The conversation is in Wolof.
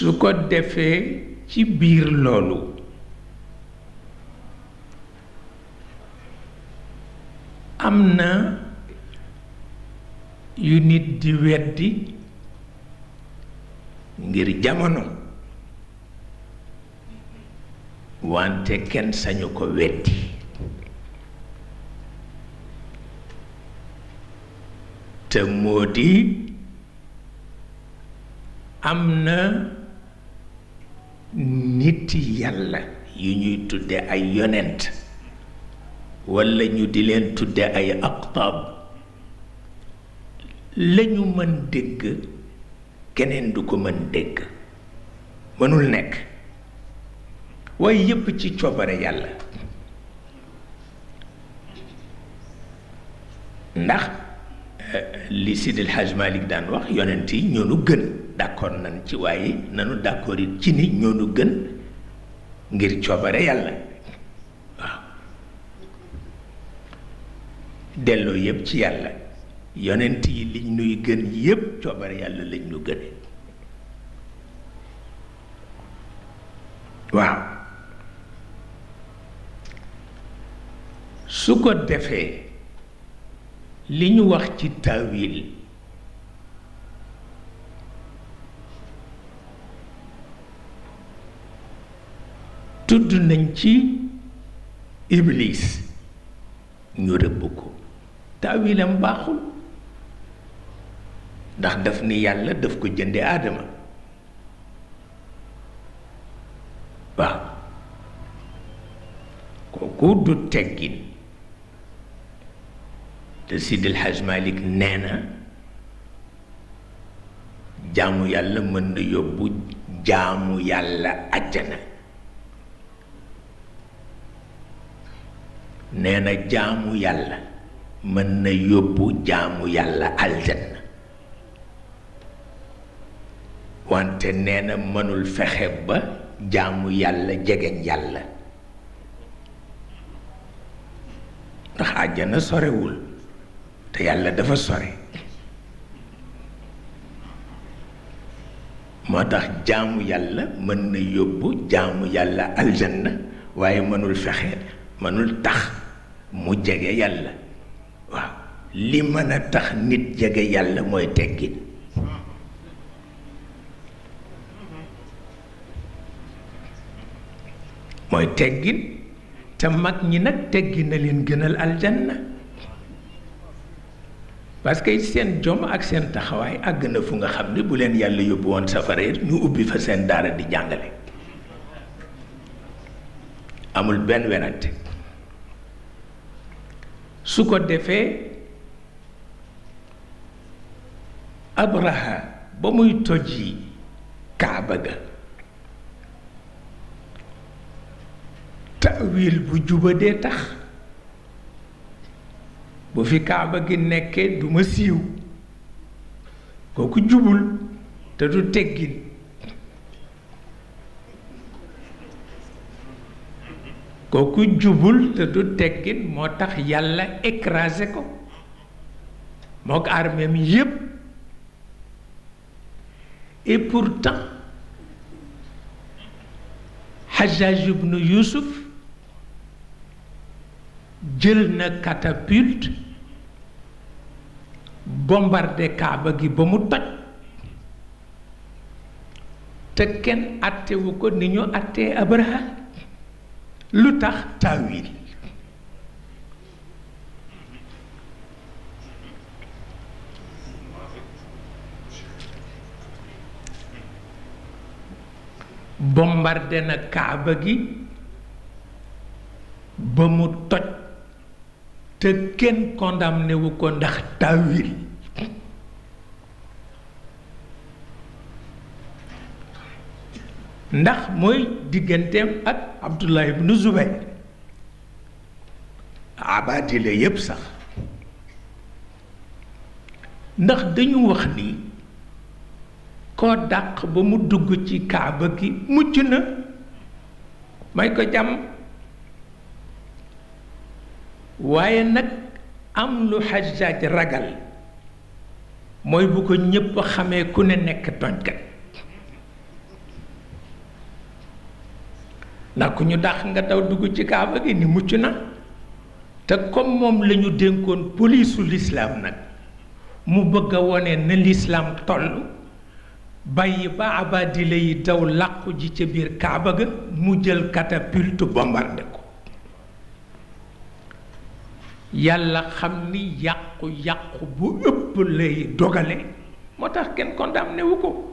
su ko defee ci biir loolu am na yu nit di weddi ngir jamono wante kenn sañu ko weddi te moo di am na nit yàlla yi ñuy tudde ay yonent walla ñu di leen tudde ay aqtaab lañu mën dégg keneen du ko mën dégg mënul nekk waaye yépp ci coobare yàlla ndax euh, li Sidil Hajj Malik daan wax yonent yi ñoo nu gën d'accord nan ci waaye nanu d'accord it ci ni ñoo nu gën ngir coobare yàlla waaw delloo yépp ci yàlla yonent yi liñ nuy gën yépp coobare yàlla lañ nu gën waaw su ko defee li ñu wax ci tawil tudd nañ ci iblis ñu rëbb ko taawilam baaxul ndax daf ni yàlla daf ko jënde aadama waaw kooku du teggin te Sidil Haj Malik nee na jaamu yàlla mën na yóbbu jaamu yàlla àjjana nee na jaamu yàlla mën na yóbbu jaamu yàlla aljanna wante nee na mënul fexe ba jaamu yàlla jegeñ yàlla ndax àjjana sorewul te yàlla dafa sore moo tax jaamu yàlla mën na yóbbu jaamu yàlla aljanna waaye mënul fexe mënul tax mu jege yàlla waaw li mën a tax nit jege yàlla mooy teggin mooy teggin te mag ñi nag teggi na leen gënal aljanna parce que seen jom ak seen taxawaay àgg na fu nga xam ni bu leen yàlla yóbbu woon safara ñu ubbi fa seen daara di jàngale amul benn werante su ko defee abraha ba muy tojji kaaba ga tawil bu jubadee tax bu fi kaaba gi nekkee du ma siiw kooku jubul te du teggin kooku jubul te du teggin moo tax yàlla écrasé ko mook armée mi yépp et pourtant Hajjaj ibn Yusuf jël na catapulte bombardé Kaaba gi ba mu toj te kenn attewu ko ni ñu attee Abraha lu tax taawil bombardé na kaaba gi ba mu toj te kenn condamné wu ko ndax taawil ndax mooy digganteem ak Abdullah ibnu Zubayr abadi la yépp sax ndax dañu wax ni koo dàq ba mu dugg ci kaaba gi mucc na may ko jàmm waaye nag am lu xajaaj ragal mooy bu ko ñépp xamee ku ne nekk tooñkat ndax ku ñu dàq nga daw dugg ci kaaba gi ni mucc na te kom moom lañu dénkoon polisu lislaam nag mu bëgg a wone na lislaam toll bàyyi ba abadile yi daw làqu ji ca biir kaaba ga mu jël catapulte bombardé ko yàlla xam ni yàqu yàqu bu ëpp lay dogale moo tax kenn condamné newu ko